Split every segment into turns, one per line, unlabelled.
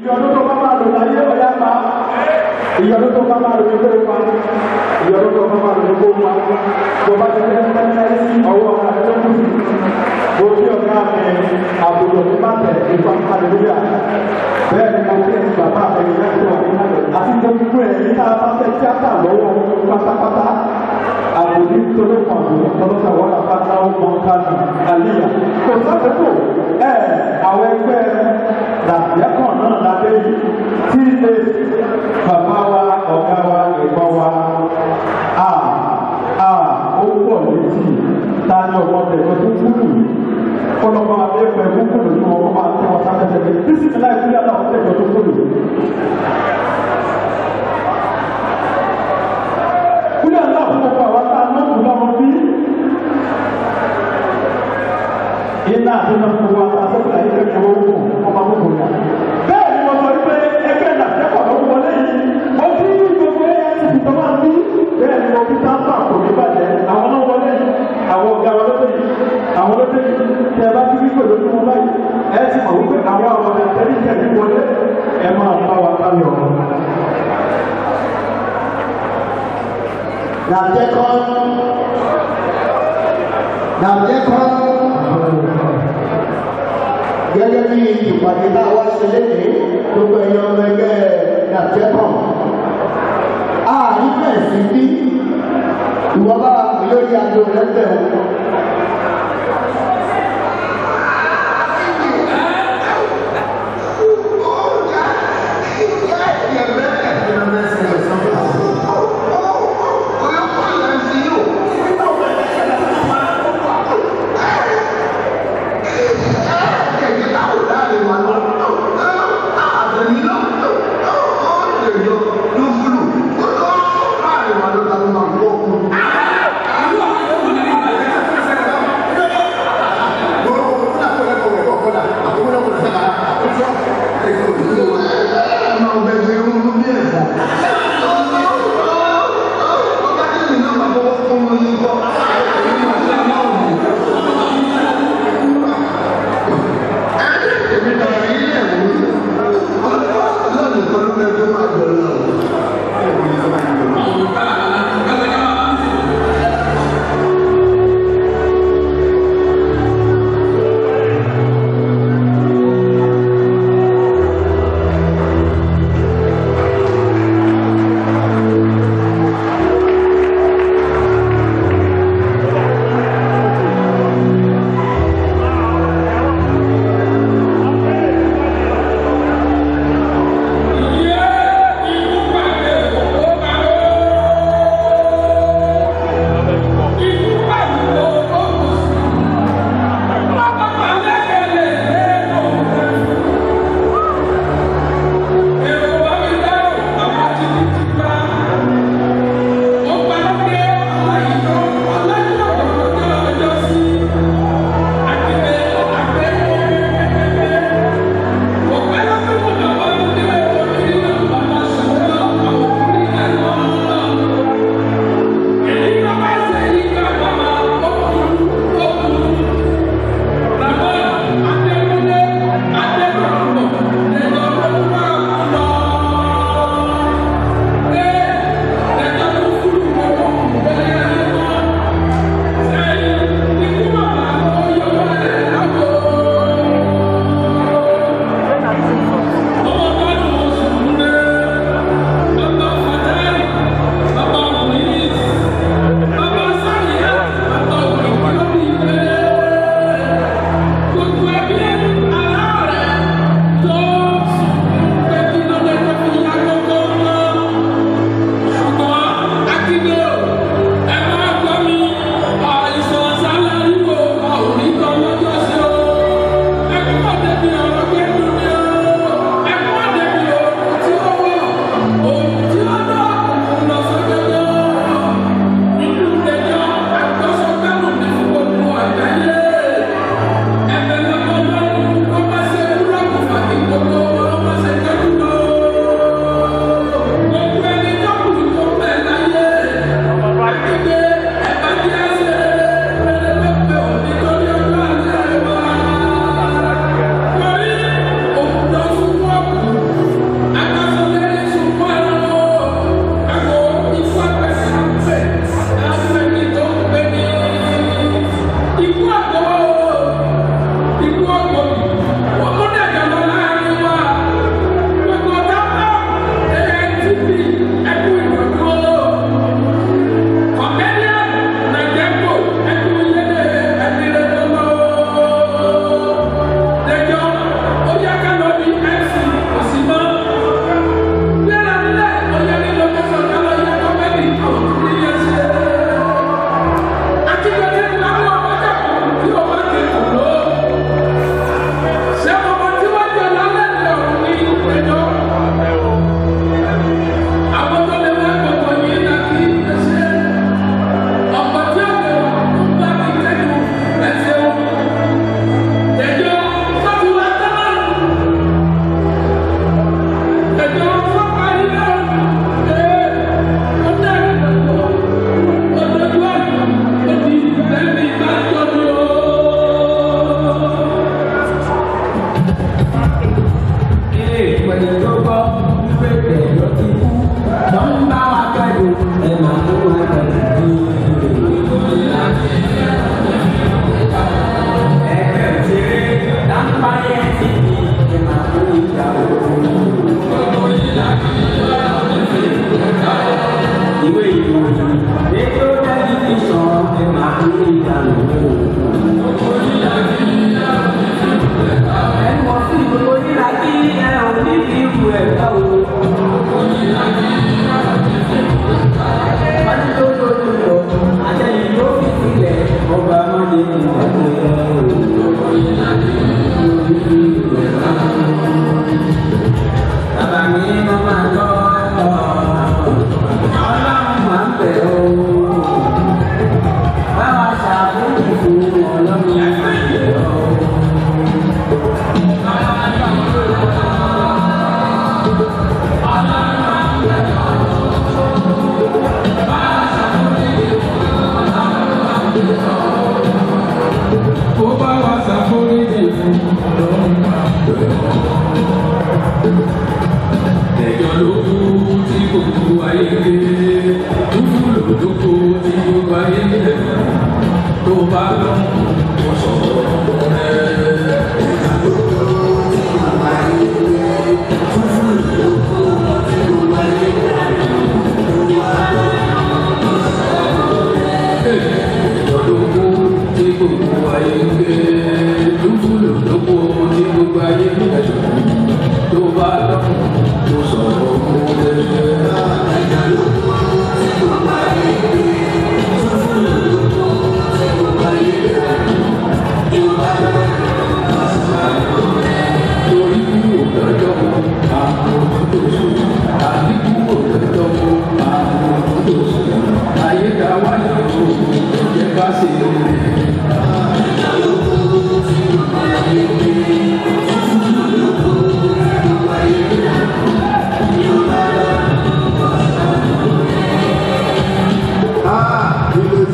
ìyọ̀dún tó bá máa lò láyé ọ̀yá pa
ìyọ̀dún tó bá máa lò ní kó pa ìyọ̀dún tó bá máa lò ní kó pa tó bá ti fẹ́ fẹ́ sí ọwọ́ ọ̀gá tó kù mo fi ọ̀gá mi àbùdó ní bàtẹ̀ ìfọ̀n àlùyà bẹ́ẹ̀ ni mo fi ẹ̀sùn bàbá mi lẹ́sùn àti gbogbo ẹ̀ nígbà bá fẹ́ tíátà lọ́wọ́ pátápátá àìní tó ló kàn jù ọlọ́sà wà lápáta ó mọ kánú àlíyà kò sọ́kòtò ẹ̀ àwọn ẹgbẹ́ làbíẹ́kàn náà lábẹ́ yìí tí ilé bàbá wa ọ̀gá wa ẹ̀gbọ́n wa à à ó pọ̀ létí ta ni ọmọ tẹ̀gbọ́n tó kúrú kọlọ́mọ abẹ́pẹ̀ kúkúrú ní ọmọ máa tẹ́ wọn sáfẹ́fẹ́ bí sí mi láì sí àlọ́ tẹ̀gbọ́n tó kúrú. iná àti iná fún wa ta sọ́kùnrin àyíká ìṣòro ogun ọmọ gbogbo rẹ̀. bẹ́ẹ̀ ni wọ́n sọ wípé ẹgbẹ́ ìdàkẹ́kọ̀ọ́ ló wọlé yìí mo ti rí gbogbo ẹ̀yà ti fi tọ́ máa ń bí bẹ́ẹ̀ ni mo fi sáńpà kò ní bàjẹ́ àwọn náà wọlé àwọn ọ̀gá wọn lóde àwọn lóde tẹ bá ti wípé lójú wọn báyìí ẹ ti mọ̀ wípé àwọn àwọn gẹ́gẹ́ bí ìpàdé tá a wá ṣe léde gbogbo ẹ̀yàn ọmọ ẹgbẹ́ nàìjẹ́kàn ààrín bẹ́ẹ̀ sí bí ìwọ́n bá
lórí àjò rẹ̀ bẹ̀rù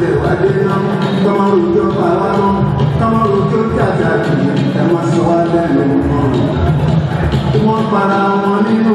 tẹ̀ wá dé náà tọ́mọ òjò pa wá mọ́ tọ́mọ òjò tàjà kì í ẹ̀ wọ́n sọ wá lẹ́nu mọ́. wọ́n para wọn nínú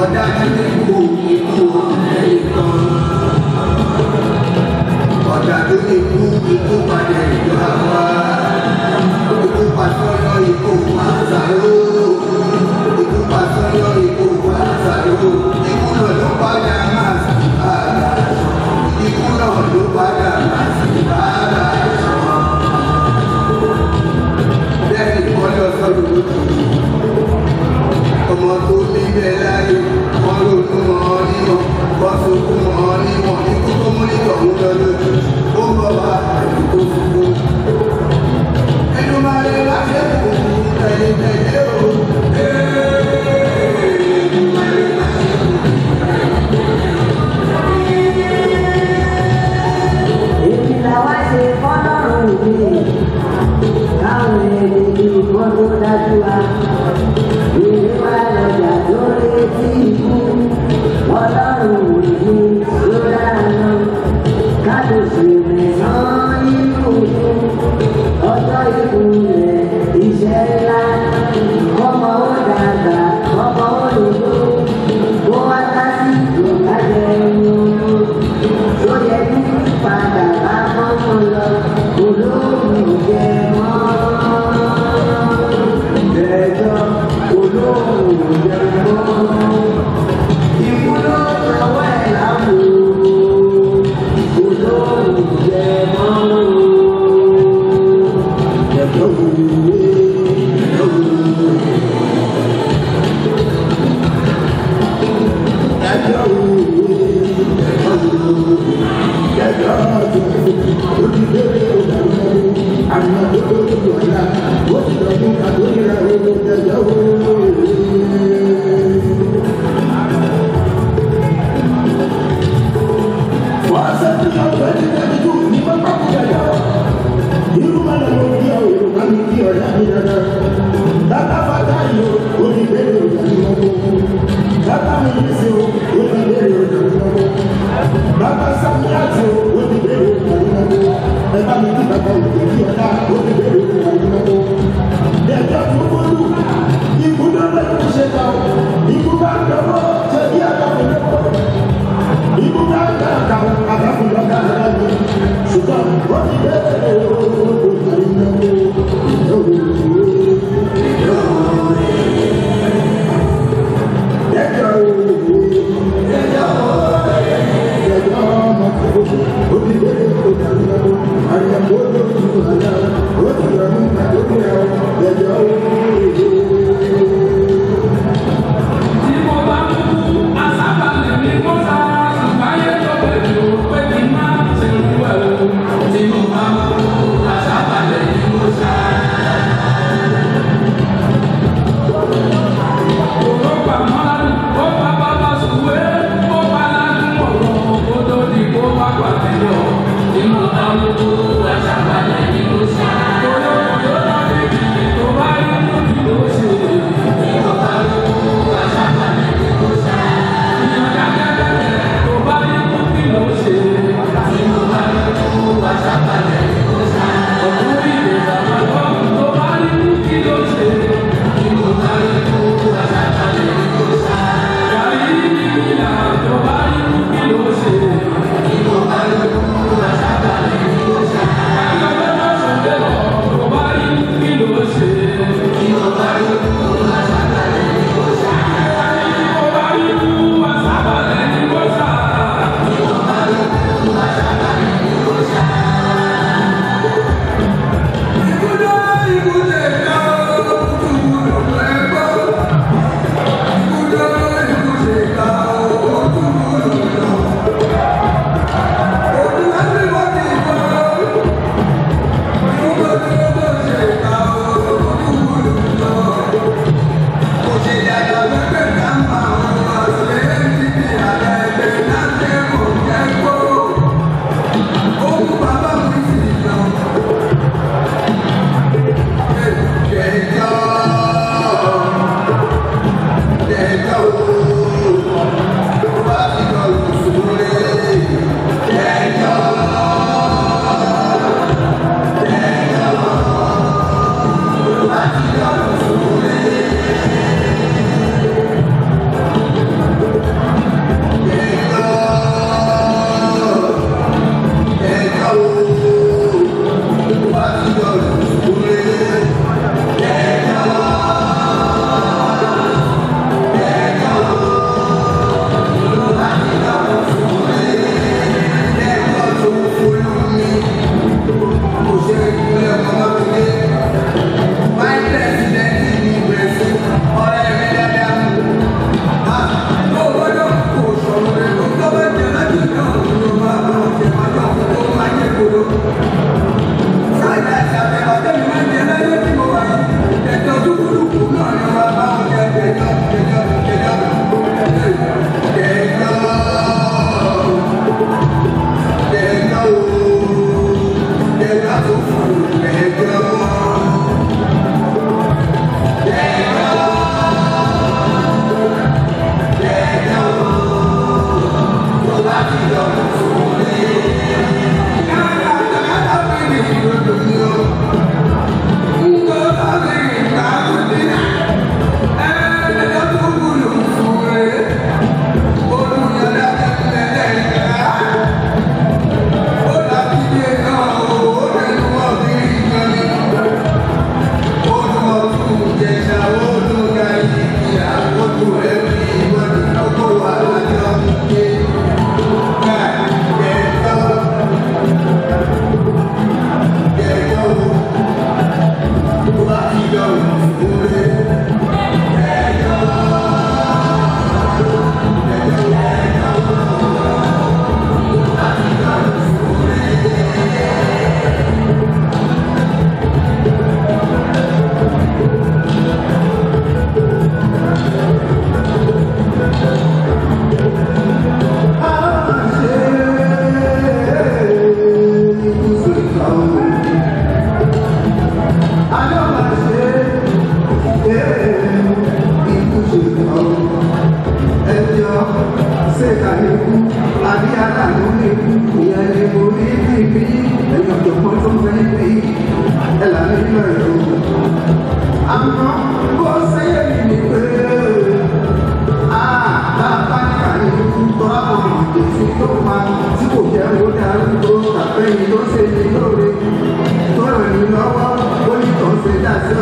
Boa tarde, tempo.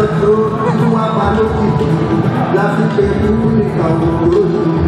entrou numa maluquice, lá se perdeu por causa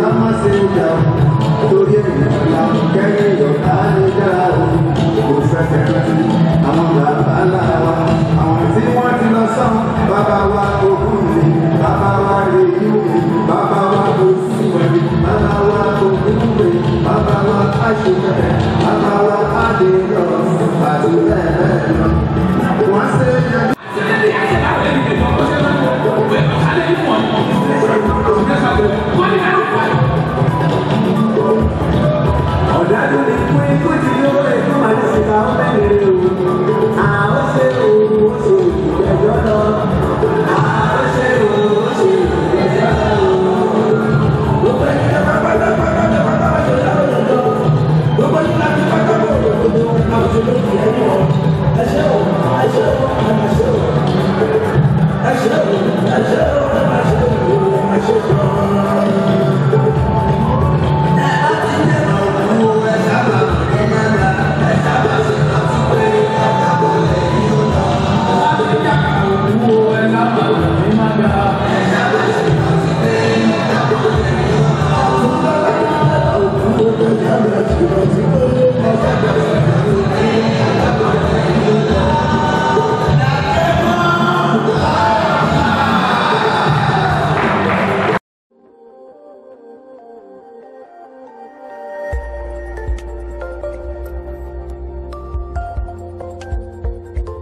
Baba wa adi, baba wa adi, baba wa adi, baba
wa adi, Oh.